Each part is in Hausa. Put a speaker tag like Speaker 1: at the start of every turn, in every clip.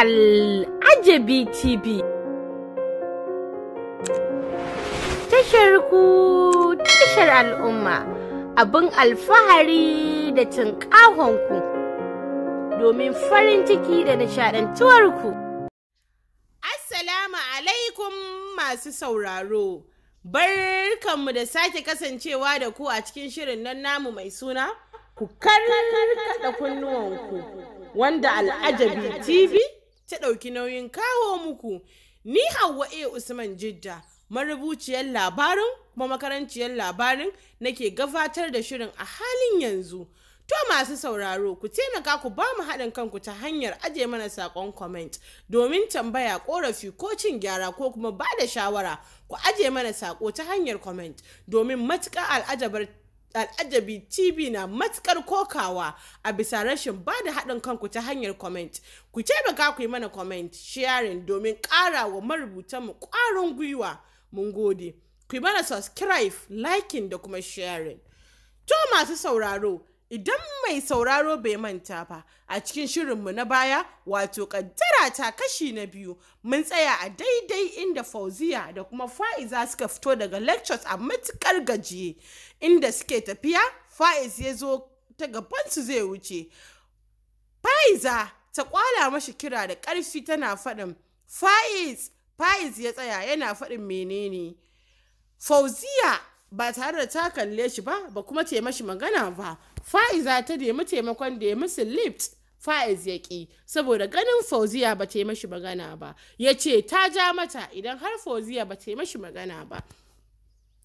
Speaker 1: Al'ajabi TV. Tashar ku tashar al'umma abin alfahari da ku domin farin ciki da nishadantuwarku. Assalamu alaikum masu sauraro. Barkanmu da sake kasancewa da ku a cikin shirin nan namu mai suna ku kaɗa kunnuwanku wanda al'ajabi TV ta ɗauki nauyin kawo muku. Ni hawa Usman Jidda, marubuciyar labarin kuma makaranciyar labarin nake gabatar da shirin a halin yanzu. To masu sauraro ku taimaka ku ba mu haɗin kanku ta hanyar aje mana saƙon comment domin tambaya ƙorafi ko cin gyara ko kuma ba da shawara ku aje mana saƙo ta hanyar comment domin matuƙa al'ajabar al'ajabi tv na matukar kokawa a bisa rashin ba da haɗin kanku ta hanyar comment ku ce ba yi mana comment sharing domin ƙara wa marubutan mu ƙwarin gwiwa mun gode ku yi mana subscribe liking da kuma sharing to masu sauraro Idan mai sauraro bai manta ba, a cikin shirinmu na baya, wato kaddara ta kashi na biyu, mun tsaya a daidai inda Fauziya da kuma Fa'iza suka fito daga lectures a matukar gajiye, inda suke tafiya, Fa'iz ya zo ta gabansu zai wuce. Fa'iza ta kwala mashi kira da ƙarfi tana faɗin, Fa'iz, Fa'iz ya tsaya yana faɗin menene. Fauziya ba tare da ta kalle shi ba, ba kuma ce mashi magana ba. Fa'iza ta nemi taimakon da ya musu lift Fa'iz ya ƙi saboda ganin Fauziya ba ta yi mashi magana ba ya ce ta ja mata idan har Fauziya ba ta yi mashi magana ba.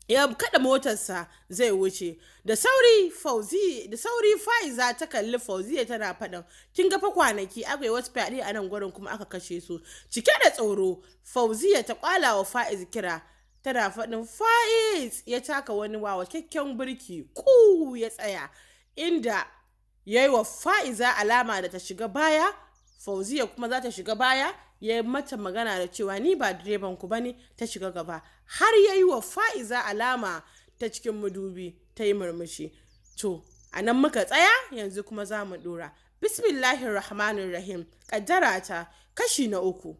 Speaker 1: ya kada motarsa zai wuce da sauri fauzi da faiza ta kalli fauziya tana faɗin kin ga fa kwanaki akwai wasu fyaɗe a nan gurin kuma aka kashe su cike da tsoro fauziya ta kwala wa faiz kira tana faɗin faiz ya taka wani wawa kyakkyawan birki ku ya tsaya inda ya yi wa fa'iza alama da ta shiga baya fauziya kuma za ta shiga baya ya yi mata magana da cewa ni ba direban ku bane ta shiga gaba har ya yi wa fa'iza alama ta cikin madubi ta yi murmushi to a nan muka tsaya yanzu kuma za mu dora bismillahirrahmanirrahim rahmanir kaddara ta kashi na uku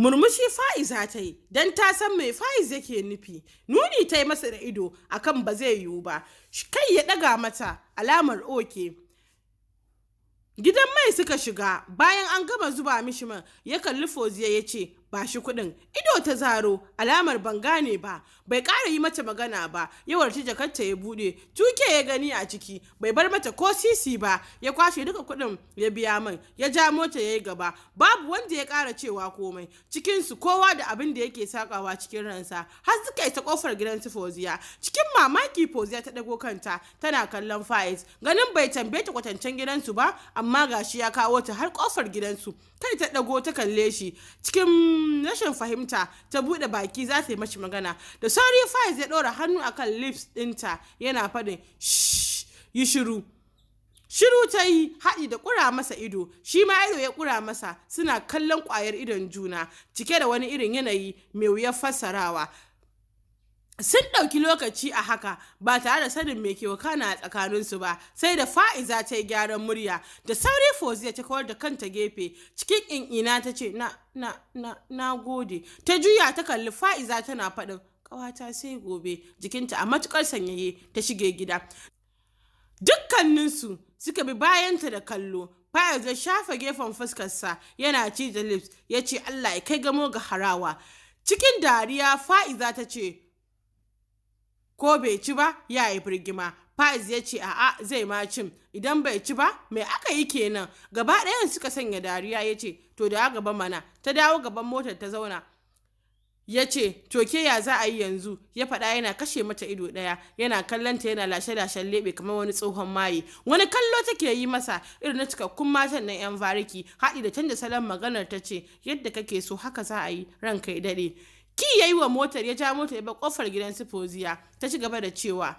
Speaker 1: Murmushi Fa'iza ta yi, don ta san mai Fa'iz yake nufi, nuni ta yi masa da ido akan ba zai yiwu ba, kai ya daga mata alamar oke. Gidan mai suka shiga bayan an gama zuba mishi man ya kalli Foziya ya ce, ba shi kuɗin ido ta zaro alamar ban gane ba bai ƙara yi mata magana ba yawar warci jakarta ya buɗe tuke ya gani a ciki bai bar mata ko sisi ba ya kwashe duka kuɗin ya biya man ya ja mota ya yi gaba babu wanda ya ƙara cewa komai cikinsu kowa da abin da yake sakawa cikin ransa har suka isa ƙofar gidan su foziya cikin mamaki foziya ta ɗago kanta tana kallon faiz ganin bai tambaye ta kwatancen gidansu ba amma gashi ya kawo ta har ƙofar gidansu kai ta ɗago ta kalle shi cikin rashin fahimta ta bude baki za ta yi mashi magana da sauri faiz ya ɗora hannu akan lips ɗinta yana faɗin yi shiru shiru ta yi haɗi da ƙura masa ido shi ma ido ya ƙura masa suna kallon ƙwayar idon juna cike da wani irin yanayi mai wuyar fassarawa sun ɗauki lokaci a haka ba tare da sanin mai ke wakana a tsakaninsu ba sai da fa'iza ta yi gyaran murya da sauri fozia ta kawar da kanta gefe cikin in'ina ta ce na na na na gode ta juya ta kalli fa'iza tana faɗin ƙawata sai gobe jikinta a matukar sanyaye ta shige gida dukkaninsu suka bi bayanta da kallo fa'iza shafa gefen fuskarsa yana ci da lips ya ce allah ya kai gamo ga harawa cikin dariya fa'iza ta ce ko bai ci ba ya yi firgima Faiz ya ce a'a zai ma cin idan bai ci ba mai aka yi kenan gaba ɗayan suka sanya dariya ya ce to da gaba mana ta dawo gaban motar ta zauna ya ce to ke ya za a yi yanzu ya faɗa yana kashe mata ido ɗaya yana kallonta yana lashe-lashen leɓe kamar wani tsohon maye wani kallo take yi masa irin na cikakkun matan nan yan variki haɗi da canza salon maganar ta ce yadda kake so haka za a yi ranka ya daɗe ki ya yi wa motar ya ja motar ya ba kofar gidan su foziya ta ci gaba da cewa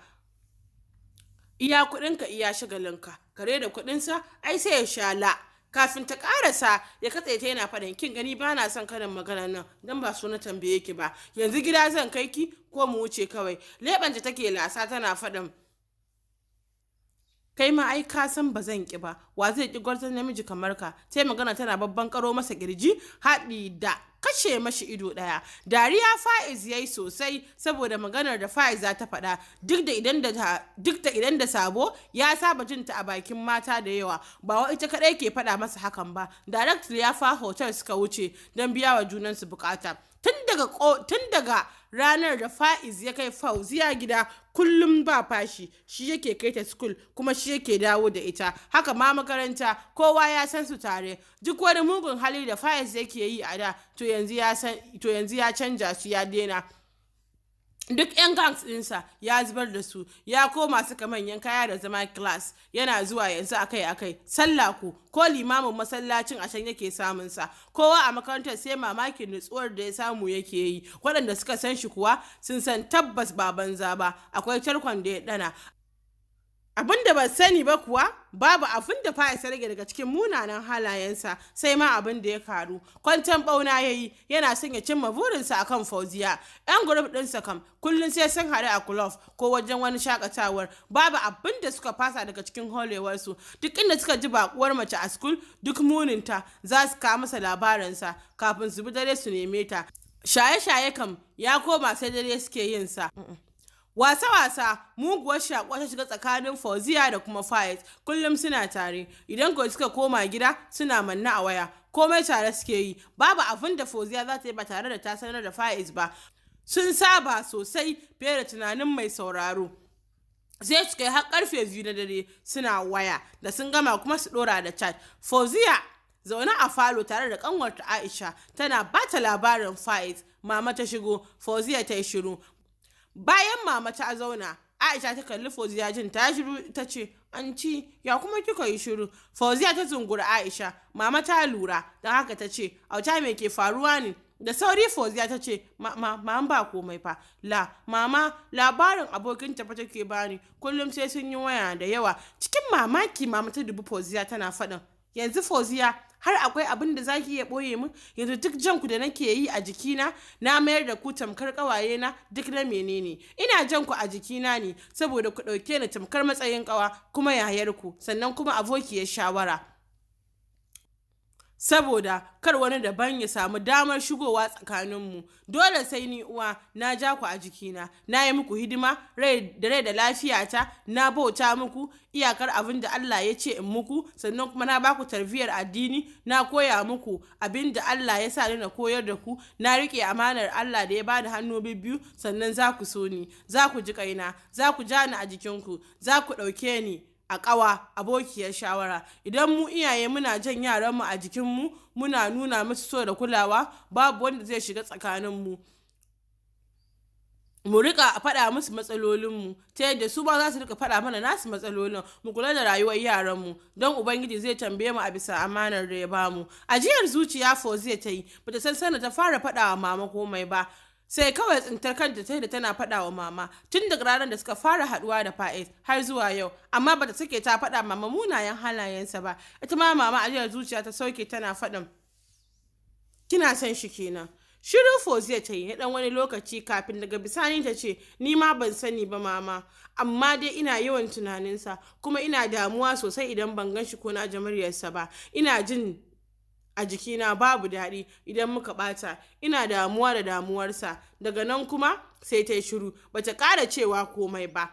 Speaker 1: iya kuɗinka iya shagalinka kare da kuɗinsa ai sai ya sha la kafin ta karasa ya katse ta yana faɗin kin gani ba na son karin magana nan don ba na tambaye ki ba yanzu gida zan kai ki ko mu wuce kawai leɓanta take lasa tana faɗin kai ma ai ka san ba zan ki ba wa zai ki gwarzon namiji kamar ka sai magana tana babban karo masa kirji haɗi da kashe mashi ido ɗaya dariya fa'iz yayi sosai saboda maganar da fa'iz za ta faɗa duk da idan da sabo ya saba jinta a bakin mata da yawa ba wa ita kaɗai ke faɗa masa hakan ba director ya fa hotel suka wuce don biya wa junansu bukata tun daga tun daga ranar da fa'iz ya kai fauziya gida kullum ba fashi shi yake kai ta school kuma shi yake dawo da ita haka ma makaranta kowa ya san su tare duk wani mugun hali da fa'iz yake yi a da to yanzu ya canja su ya daina duk 'yan gangs ɗinsa ya zubar da su ya koma suka manyan kaya da zama class yana zuwa yanzu akai-akai sallah ko ko limamin masallacin a can yake samun sa kowa a makarantar sai mamakin nutsuwar da ya samu yake yi waɗanda suka san shi kuwa sun san tabbas ba banza ba akwai tarkon da ya ɗana abin da ban sani ba kuwa babu abin da fa rage daga cikin munanan halayensa sai ma abin da ya karu kwantan bauna ya yi yana son ya cimma burinsa a kan fauziya yan gurup ɗinsa kam kullum sai sun haɗu a kulof ko wajen wani shakatawar babu abin da suka fasa daga cikin holewarsu duk inda suka ji bakuwar mace a skul duk muninta za su kawo masa labarinsa kafin su bi dare su neme ta shaye-shaye kam ya koma sai dare suke yin sa Wasa-wasa muguwar shakuwa ta shiga tsakanin Fauziya da kuma fayet kullum suna tare idan ko suka koma gida suna manna a waya komai tare suke yi babu abin da Fauziya za ta yi ba tare da ta sanar da fayet ba sun saba sosai fiye da tunanin mai sauraro zai su kai har karfe biyu na dare suna waya da sun gama kuma su ɗora da chat Fauziya zaune a falo tare da kanwarta Aisha tana bata labarin Faiz mama ta shigo Fauziya ta yi shiru bayan mama ta zauna aisha ta kalli fauziya jin ta shiru ta ce an ci ya kuma kika yi shiru fauziya ta zunguru aisha mama ta lura don haka ta ce auta me ke faruwa ne da sauri fauziya ta ce ma an ba komai fa la mama labarin abokin ta take bani kullum sai sun yi waya da yawa cikin mamaki mama ta dubi fauziya tana faɗin yanzu fauziya har akwai abin da zaki iya ɓoye min yanzu duk jan ku da nake yi a jikina na mayar da ku tamkar ƙawaye na duk na menene ina jan ku a jikina ne saboda ku ɗauke ni tamkar matsayin ƙawa kuma yayar ku sannan kuma abokiyar shawara saboda kar wani daban ya samu damar shigowa tsakaninmu dole sai ni uwa na ja ku a jikina na yi muku hidima da rai da lafiyata na bauta muku iyakar abin da Allah ya ce in muku sannan kuma na baku tarbiyyar addini na koya muku abin da Allah ya sa ni na koyar da ku na rike amanar Allah da ya bani hannu biyu sannan za ku so ni za ku ji kaina za ku ja ni a jikinku za ku ɗauke ni a ƙawa abokiyar shawara idan mu iyaye muna jan yaran mu a jikin mu, muna nuna musu so da kulawa babu wanda zai shiga tsakanin mu rika faɗa musu matsalolin mu. ta yadda su ba za su rika faɗa mana nasu matsalolin mu kula da rayuwar yaran mu. don ubangiji zai tambaye mu a bisa amanar da ya bamu ajiyar zuciya fo zai ta yi bata san sanda ta fara faɗawa mama komai ba sai kawai tsintar kanta ta da tana faɗa wa mama tun daga ranar da suka fara haɗuwa da fais har zuwa yau amma bata sake ta faɗa mama munayen halayensa ba ita ma mama ajiyar zuciya ta sauke tana faɗin kina san shi kenan shirin fozia ta yi na ɗan wani lokaci kafin daga bisani ta ce ni ma ban sani ba mama amma dai ina yawan tunaninsa kuma ina damuwa sosai idan ban gan shi ko na jamaryarsa ba ina jin a jikina babu daɗi idan muka ɓata ina damuwa da damuwarsa daga nan kuma sai ta shiru bata ƙara cewa komai ba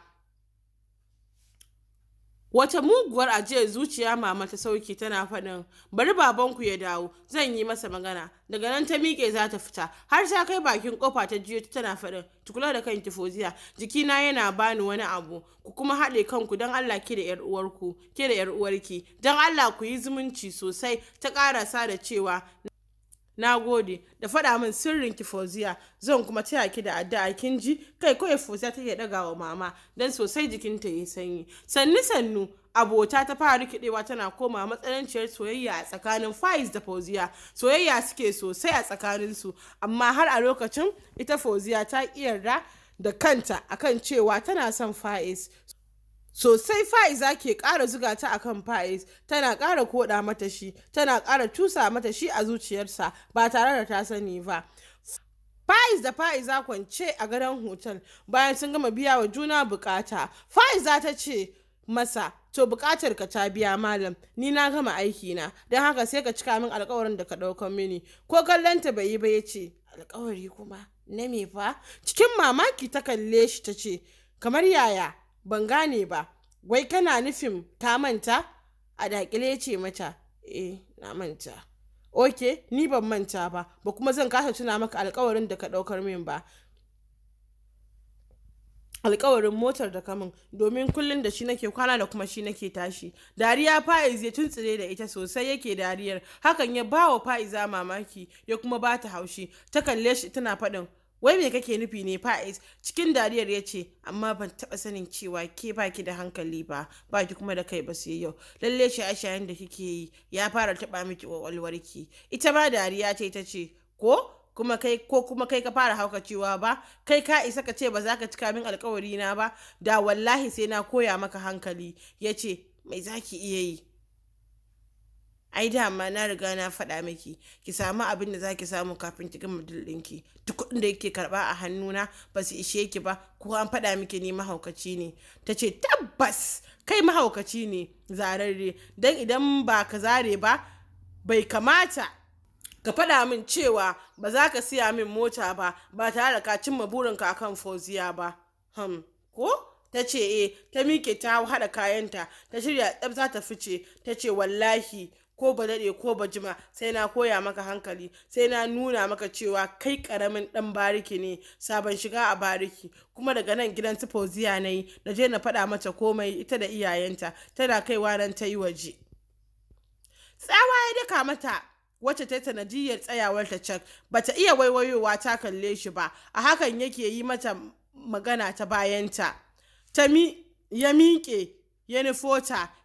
Speaker 1: Wata muguwar ajiyar zuciya mama ta sauki tana faɗin, bari babanku ya dawo, zan yi masa magana. Daga nan ta miƙe za ta fita, har ta kai bakin kofa ta jiyo tana faɗin, tukula kula da kanki foziya, jikina yana bani wani abu, ku kuma haɗe kanku don Allah ke da ‘yar uwarku, ke da ‘yar uwarki, don Allah ku yi zumunci sosai, ta ƙarasa da cewa na gode da faɗa min sirrin ki foziya zan kuma taya ki da addu'a kin ji kai kawai foziya take daga wa mama dan sosai jikinta yi sanyi sannu sannu abota ta fara rikidewa tana koma matsananciyar soyayya a tsakanin faiz da foziya soyayya suke sosai a tsakanin su amma har a lokacin ita foziya ta yarda da kanta akan cewa tana son faiz sosai fa'iza ke ƙara zuga ta akan fa'iz tana ƙara koɗa mata shi tana ƙara tusa mata shi a zuciyarsa ba tare da ta sani ba Faiz da Faiza kwance a gadon hotel bayan sun gama biya wa juna bukata. Faiza ta ce masa, to bukatar ka ta biya malam, ni na gama aiki na, don haka sai ka cika min alkawarin da ka ɗaukan mini. Ko kallonta bai yi ba ya ce, alkawari kuma, na me fa? Cikin mamaki ta kalle shi ta ce, kamar yaya, ban gane ba wai kana nufin ta manta a dakile ce mata eh na manta Oke, ni ban manta ba ba kuma zan kasa tuna maka alkawarin da ka ɗaukar min ba alkawarin motar da kamun domin kullum da shi nake kwana da kuma shi nake tashi dariya fa'iz ya tuntsire da ita sosai yake dariyar hakan ya bawa wa fa'iza mamaki ya kuma bata haushi ta kalle shi tana faɗin wai me kake nufi ne fa'is cikin dariyar ya ce amma ban taba sanin cewa ke baki da hankali ba baki kuma da kai ba sai yau lalle shaye-shayen da kike yi ya fara taba miki kwakwalwarki ita ba dariya ce ta ce ko kuma kai ko kuma kai ka fara hauka cewa ba kai ka isa ka ce ba za ka cika min alkawari na ba da wallahi sai na koya maka hankali ya ce mai zaki iya yi ai dama na riga na faɗa miki ki samu abin da zaki samu kafin ki gama ɗinki duk kuɗin da yake karɓa a hannuna ba su ishe ki ba ko an faɗa miki ni mahaukaci ne ta ce tabbas kai mahaukaci ne zararre don idan ba ka zare ba bai kamata ka faɗa min cewa ba za ka siya min mota ba ba tare da ka cimma burinka akan fauziya ba hmm. ko ta ce e ta miƙe ta haɗa kayanta ta shirya tsab za ta fice ta ce wallahi ko ba daɗe ko ba jima sai na koya maka hankali sai na nuna maka cewa kai ƙaramin ɗan bariki ne sabon shiga a bariki kuma daga nan gidan su na yi na je na faɗa mata komai ita da iyayenta tana kaiwa nan ta yi waje tsawa ya daka mata wacce ta sanadiyar tsayawar ta ba bata iya waiwayowa ta kalle shi ba a hakan yake yi mata magana ta bayanta ta mi ya miƙe ya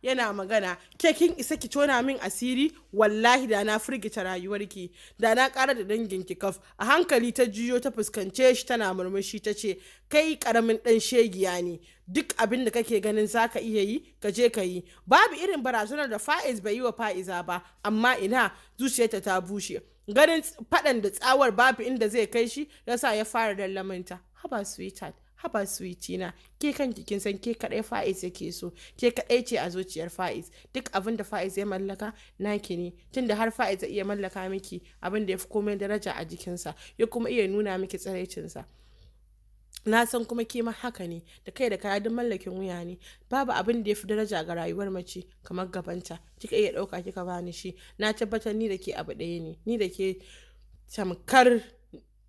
Speaker 1: yana magana ke kin isa ki tona min asiri wallahi da na firgita rayuwarki da na kara da dangin ki kaf a hankali ta juyo ta fuskance shi tana murmushi ta ce kai karamin ɗan shegiya ne duk abin da kake ganin zaka iya yi ka je ka yi babu irin barazanar da fa'iz bai yi wa fa'iza ba amma ina zuciyarta ta bushe ganin faɗan da tsawar babu inda zai kai shi yasa ya fara dallamanta haba sweetheart haba suwici na ke kan kin san ke kadai fa'iz yake so ke kadai ce a zuciyar fa'iz duk abin da fa'iz ya mallaka naki ne tunda har fa'iz zai iya mallaka miki abin da ya fi komai daraja a jikinsa ya kuma iya nuna miki tsiraicinsa na san kuma ma haka ne da kai da kaya duk mallakin wuya ne babu abin da ya fi daraja ga rayuwar mace kamar gabanta kika iya ɗauka kika bani shi na tabbatar ni da ke abu ɗaya ne ni da ke tamkar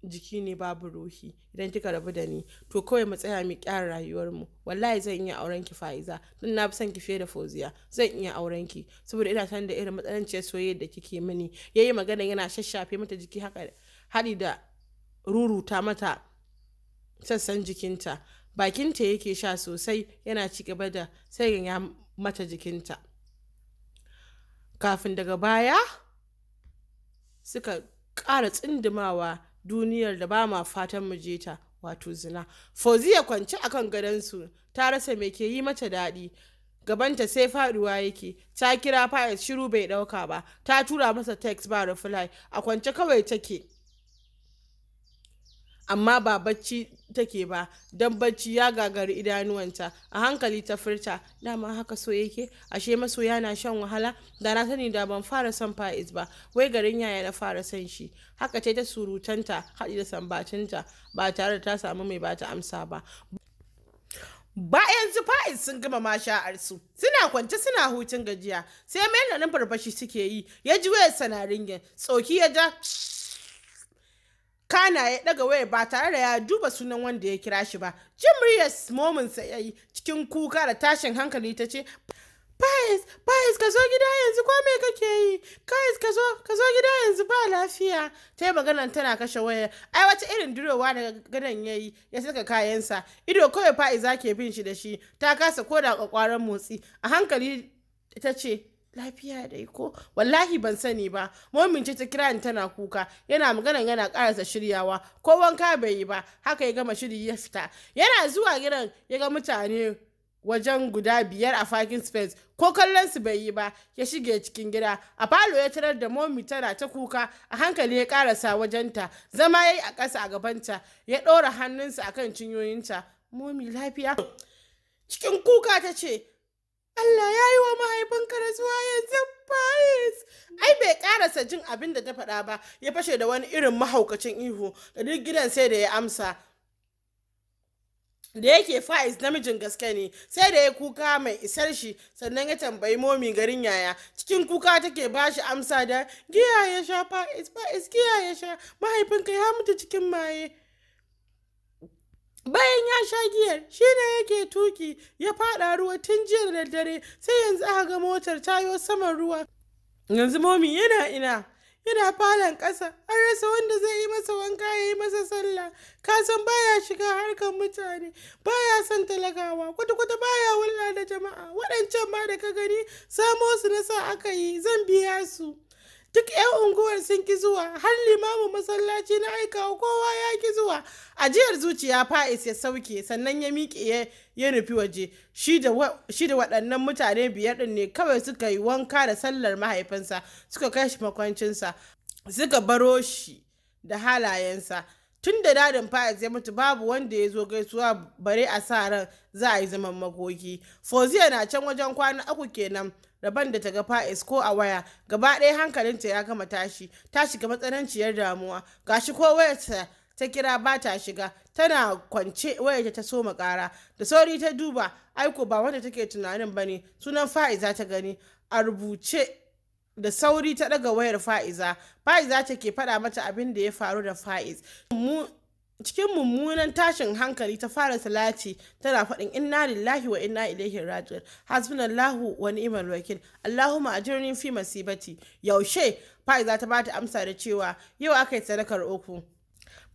Speaker 1: jiki ne babu ruhi idan kika rabu da ni to kawai mu tsaya mu kyara rayuwar mu wallahi zan iya auren ki fa'iza don na fi son ki fiye da fauziya zan iya auren ki saboda ina san da irin matsalanciyar soyayya da kike mini yi magana yana shashafe mata jiki haka hadi da ruruta mata sassan jikinta bakinta yake sha sosai yana ci gaba da sai mata jikinta kafin daga baya suka ƙara tsindimawa duniyar da ba ma fatan mu je ta wato zina ya kwance akan su ta rasa mai ke yi mata daɗi gabanta sai faduwa yake ta kira fayil shiru bai ɗauka ba ta tura masa text ba reply a kwance kawai take amma ba bacci take ba don bacci ya gagari idanuwanta a hankali ta furta dama haka so yake ashe maso yana shan wahala da na sani da ban fara son fa'iz ba wai garin yaya na fara son shi haka ce ta surutanta haɗi da sambatinta ba tare da ta samu mai bata amsa ba bayan su fa'iz sun gama masha'arsu suna kwance suna hutun gajiya sai mai da nan farfashi suke yi ya ji wayar sanarin tsoki ya ja kana ya daga waya ba tare da ya duba sunan wanda ya kira shi ba jin muryar sa ya yi cikin kuka da tashin hankali ta ce Pais, Pais, ka zo gida yanzu ko me kake yi? Pais, ka zo, ka zo gida yanzu ba lafiya. Ta yi maganan tana kashe waya. Ai wata irin durowa daga gadon ya yi, ya saka kayansa. Ido kawai fa'iza ke bin shi da shi, ta kasa koda kwakwaran motsi. A hankali ta ce, lafiya dai ko wallahi ban sani ba momin ce ta kira ni tana kuka yana magana yana karasa shiryawa ko wanka bai yi ba haka ya gama shiri ya fita yana zuwa gidan ya ga mutane wajen guda biyar a fakin space ko kallon su bai yi ba ya shige cikin gida a falo ya tarar da momi tana ta kuka a hankali ya karasa wajenta zama ya yi a ƙasa a gabanta ya ɗora hannunsa akan cinyoyinta momi lafiya cikin kuka ta ce Allah ya yi wa mahaifinka da rasuwa yanzu Paris. Ai bai karasa jin abin da ta faɗa ba, ya fashe da wani irin mahaukacin ihu, da duk gidan sai da ya amsa. da yake faiz namijin gaske ne sai da ya kuka mai isar shi sannan ya tambayi momi garin yaya cikin kuka take ba shi amsa da giya sha faiz faiz giya sha mahaifinka ya mutu cikin maye bayan ya sha giyar shi ne yake tuki ya fada ruwa tun jiya da dare sai yanzu aka ga motar tayo saman ruwa yanzu momi yana ina yana falon ƙasa an rasa wanda zai yi masa wanka ya yi masa sallah kasan baya shiga harkar mutane baya son talakawa kwata-kwata baya wulla da jama'a waɗancan ma da ka gani samo su na sa aka yi zan biya su duk 'yan unguwar sun ki zuwa har limamin masallaci na aikawa kowa ya ki zuwa ajiyar zuciya fa'is ya sauke sannan ya miƙe ya nufi waje shi da waɗannan mutane biyar ɗin ne kawai suka yi wanka da sallar mahaifinsa suka kai shi makwancinsa suka baro shi da halayensa tun da dadin fa'is ya mutu babu wanda ya zo gaisuwa bare a sa ran za a yi zaman magogi foziya na can wajen kwana uku kenan Rabon da ta ga Fa'is ko a waya, gaba ɗaya hankalinta ya gama tashi, ta shiga matsananciyar damuwa, gashi ko wayarta ta kira ba ta shiga tana kwance wayarta ta soma kara da sauri ta duba aiko ba wanda take tunanin ba ne sunan fa'iza ta gani a rubuce da sauri ta ɗaga wayar fa'iza fa'iza ta ke faɗa mata abin da ya faru da fa'iz cikin mummunan tashin hankali ta fara salati tana faɗin inna lillahi wa inna ilaihi raji'un hasbunallahu wa ni'mal wakil allahumma ajirni fi masibati yaushe fa'iza ta bata amsa da cewa yau aka yi sadakar uku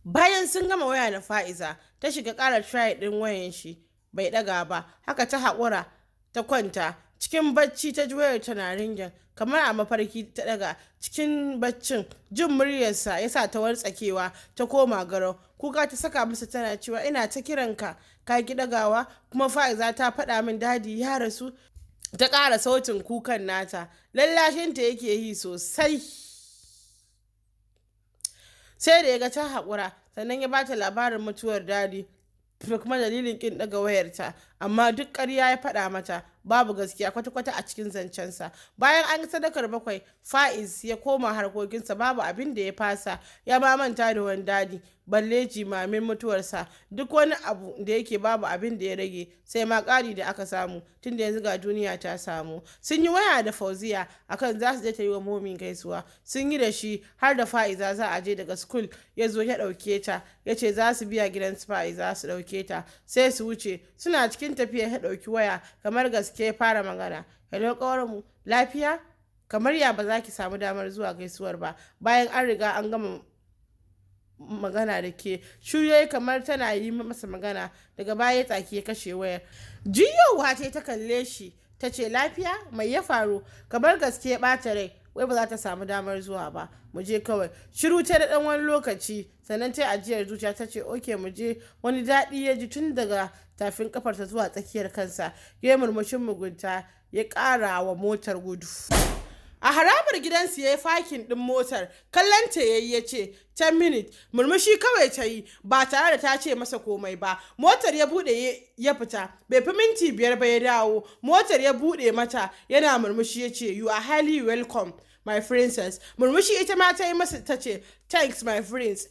Speaker 1: bayan sun gama waya na fa'iza ta shiga ƙara try ɗin wayan shi bai ɗaga ba haka ta haƙura ta kwanta cikin bacci ta ji wayar tana ringin kamar a mafarki ta daga cikin baccin jin muryarsa ya sa ta wartsakewa ta koma garau kuka ta saka masa tana cewa ina ta kiranka ka ki dagawa kuma fa'iza ta faɗa min dadi ya rasu ta kara sautin kukan nata lallashinta yake yi sosai sai da ya ga ta haƙura sannan ya ba ta labarin mutuwar dadi da kuma dalilin kin daga wayarta amma duk ƙarya ya faɗa mata babu gaskiya kwata-kwata a cikin zancensa bayan an sadakar bakwai fa'iz ya koma harkokinsa babu abin da ya fasa ya mamanta manta da wani dadi balle jimamin mutuwarsa duk wani abu da yake babu abin da ya rage sai ma ƙari da aka samu tun da yanzu ga duniya ta samu sun yi waya da fauziya akan za su je ta yi wa momin gaisuwa sun yi da shi har da fa'iza za a je daga skul ya zo ya ɗauke ta ya ce za su biya gidan fa'iza su ɗauke ta sai su wuce suna cikin cikin tafiya ya ɗauki waya kamar gaske ya fara magana hello ƙawarmu lafiya kamar ya ba za ki samu damar zuwa gaisuwar ba bayan an riga an gama magana da ke shuyoyi kamar tana yi masa magana daga baya tsaki ya kashe wayar jiyowa ce ta kalle shi ta ce lafiya mai ya faru kamar gaske ya ɓata rai wai ba za ta samu damar zuwa ba mu je kawai shiru ta da dan wani lokaci sannan ta ajiyar zuciya ta ce oke mu je wani daɗi ya ji tun daga tafin kafarsa zuwa tsakiyar kansa ya yi murmushin mugunta ya ƙara wa motar gudu a harabar gidansu ya yi fakin ɗin motar kallon ta yayi ya ce 10 minutes murmushi kawai ta yi ba tare da ta ce masa komai ba motar ya buɗe ya fita bai fi minti biyar ba ya dawo motar ya buɗe mata yana murmushi ya ce you are highly welcome my princess murmushi ita ma ta yi masa ta ce thanks my prince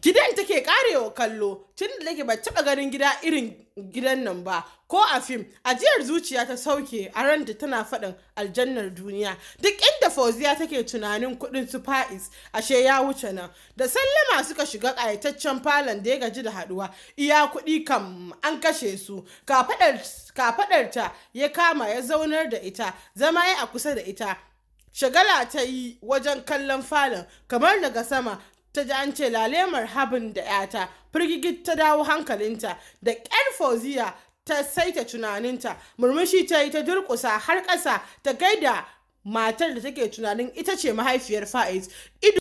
Speaker 1: gidan take karewa kallo tun da take ba taɓa ganin gida irin gidan nan ba ko a fim ajiyar zuciya ta sauke a ranta tana faɗin aljannar duniya duk inda fauziya take tunanin kuɗin su fa'is ashe ya wuce nan da sallama suka shiga ƙayataccen falon da ya gaji da haɗuwa iya kuɗi kam an kashe su kafaɗarta ya kama ya zaunar da ita zama ya a kusa da ita shagala ta yi wajen kallon falon kamar daga sama ta ji an ce lalemar habin da 'yata firgigit ta dawo hankalinta da ƙyar fauziya ta saita tunaninta murmushi ta yi ta durƙusa har ƙasa ta gaida matar da take tunanin ita ce mahaifiyar fa'iz ido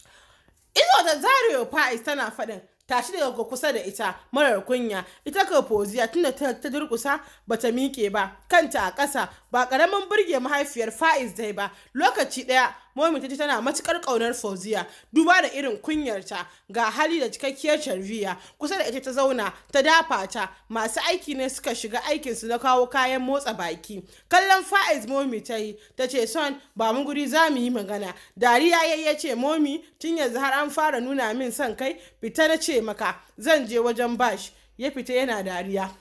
Speaker 1: da zario fa'iz tana faɗin tashi daga kusa da ita marar kunya ita ka poziya tunda ta, ta ba ta miƙe ba kanta a ƙasa ba ƙaramin burge mahaifiyar fa'iz dai ba lokaci ɗaya Momi ta ji tana matukar ƙaunar Fauziya duba da irin kunyarta ga hali da cikakkiyar tarbiya kusa da ita ta zauna ta dafa ta masu aiki ne suka shiga aikin su na kawo kayan motsa baki kallon Faiz Momi ta yi ta ce son ba mu guri za mu yi magana dariya yayi ya ce Momi tun yanzu har an fara nuna min son kai fita na ce maka zan je wajen bash ya fita yana dariya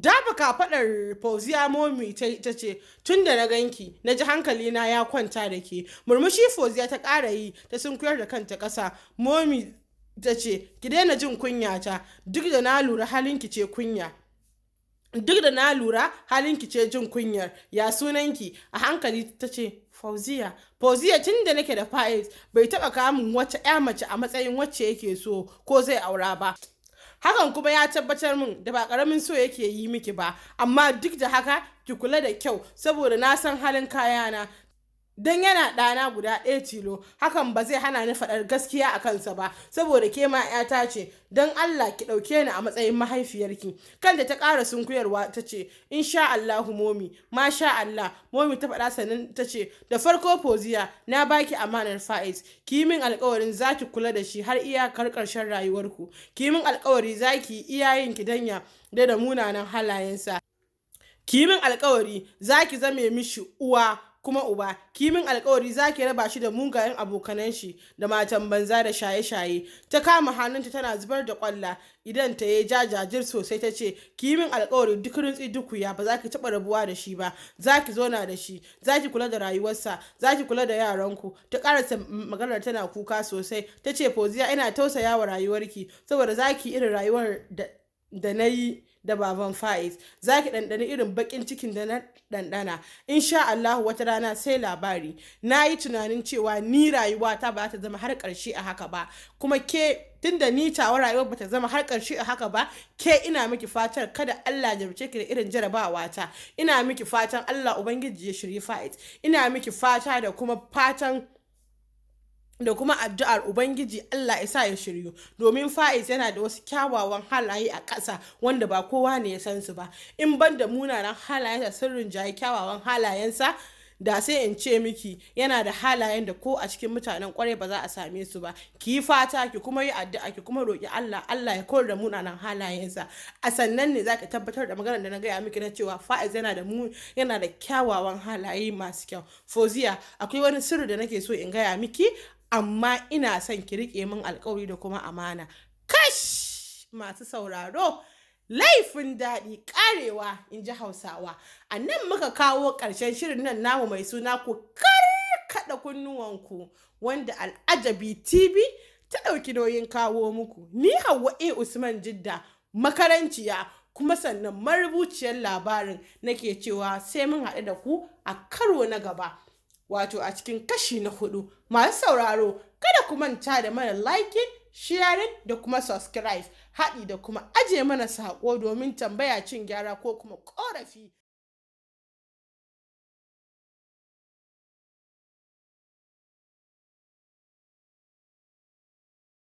Speaker 1: dafa kafaɗar fauziya momi ta ce tun da na ganki na ji hankali na ya kwanta da ke murmushi fauziya ta ƙara yi ta sunkuyar da kanta ƙasa momi ta ce ki daina jin kunya ta duk da na lura ki ce kunya duk da na lura ki ce jin kunyar ya sunanki a hankali ta ce fauziya fauziya tun da nake da faiz bai taɓa kamun wata 'ya mace a matsayin wacce yake so ko zai aura ba hakan kuma ya tabbatar min da ba karamin so yake yi miki ba amma duk da haka ki kula da kyau saboda na san halin kayana don yana ɗana guda ɗaya tilo hakan ba zai hana ni faɗar gaskiya a kansa ba saboda ke ma ‘yata ce don Allah ki ɗauke ni a matsayin mahaifiyarki kanta ta ƙara sunkuyarwa ta ce in sha Allahu momi ma sha Allah momi ta faɗa sannan ta ce da farko Foziya, na baki amanar fa'is ki min alkawarin za ki kula da shi har iyakar ƙarshen rayuwarku ki min alƙawari za ki iyayen ki danya da da munanan halayensa ki yi min alkawari za ki zame mishi uwa kuma uba kimin alkawari za ki raba shi da mugayen abokanan shi da matan banza da shaye-shaye ta kama hannunta tana zubar da kwalla idan ta yi jajajir sosai ta ce kimin alkawari duk rintsi dukuya ba za ki taɓa rabuwa da shi ba za ki na da shi za ki kula da rayuwarsa za ki kula da yaranku ta karasa maganar tana kuka sosai ta ce foziya ina tausaya wa rayuwarki saboda za ki irin rayuwar da na yi da baban Faiz za ki ɗanɗani irin baƙin cikin da na ɗanɗana insha allahu wata rana sai labari na yi tunanin cewa ni rayuwata ba ta zama har ƙarshe a haka ba kuma ke tun da ni tawa rayuwar ta zama har karshe a haka ba ke ina miki fatar kada Allah ya rubuce ki da irin jarabawa ta ina miki fatan Allah ubangiji ya shirye fa'id ina miki fata da kuma fatan da kuma addu'ar Ubangiji Allah ya sa ya shiryu domin fa'iz yana da wasu kyawawan halaye a ƙasa wanda ba kowa ne ya san su ba in ban da munanan halayensa sirrin jayi kyawawan halayensa da sai in ce miki yana da halayen da ko a cikin mutanen kwarai ba za a same su ba ki yi fata ki kuma yi addu'a ki kuma roki Allah Allah ya kore da munanan halayensa a sannan ne zaka tabbatar da maganar da na gaya miki na cewa Faiz yana da mu yana da kyawawan halaye masu kyau Foziya akwai wani sirri da nake so in gaya miki amma ina son ki riƙe min alkawari da kuma amana kash masu sauraro laifin daɗi ƙarewa in ji hausawa a nan muka kawo ƙarshen shirin nan namu mai suna ku karkaɗa kunnuwanku wanda al'ajabi tv ta ɗauki nauyin kawo muku ni hawa e usman jidda makaranciya kuma sannan marubuciyar labarin nake cewa sai mun haɗu da ku a karo na gaba wato a cikin kashi na hudu masu sauraro kada ku manta da mana liking sharing da kuma subscribe haɗi da kuma aje mana saƙo domin tambaya cin gyara ko kuma ƙorafi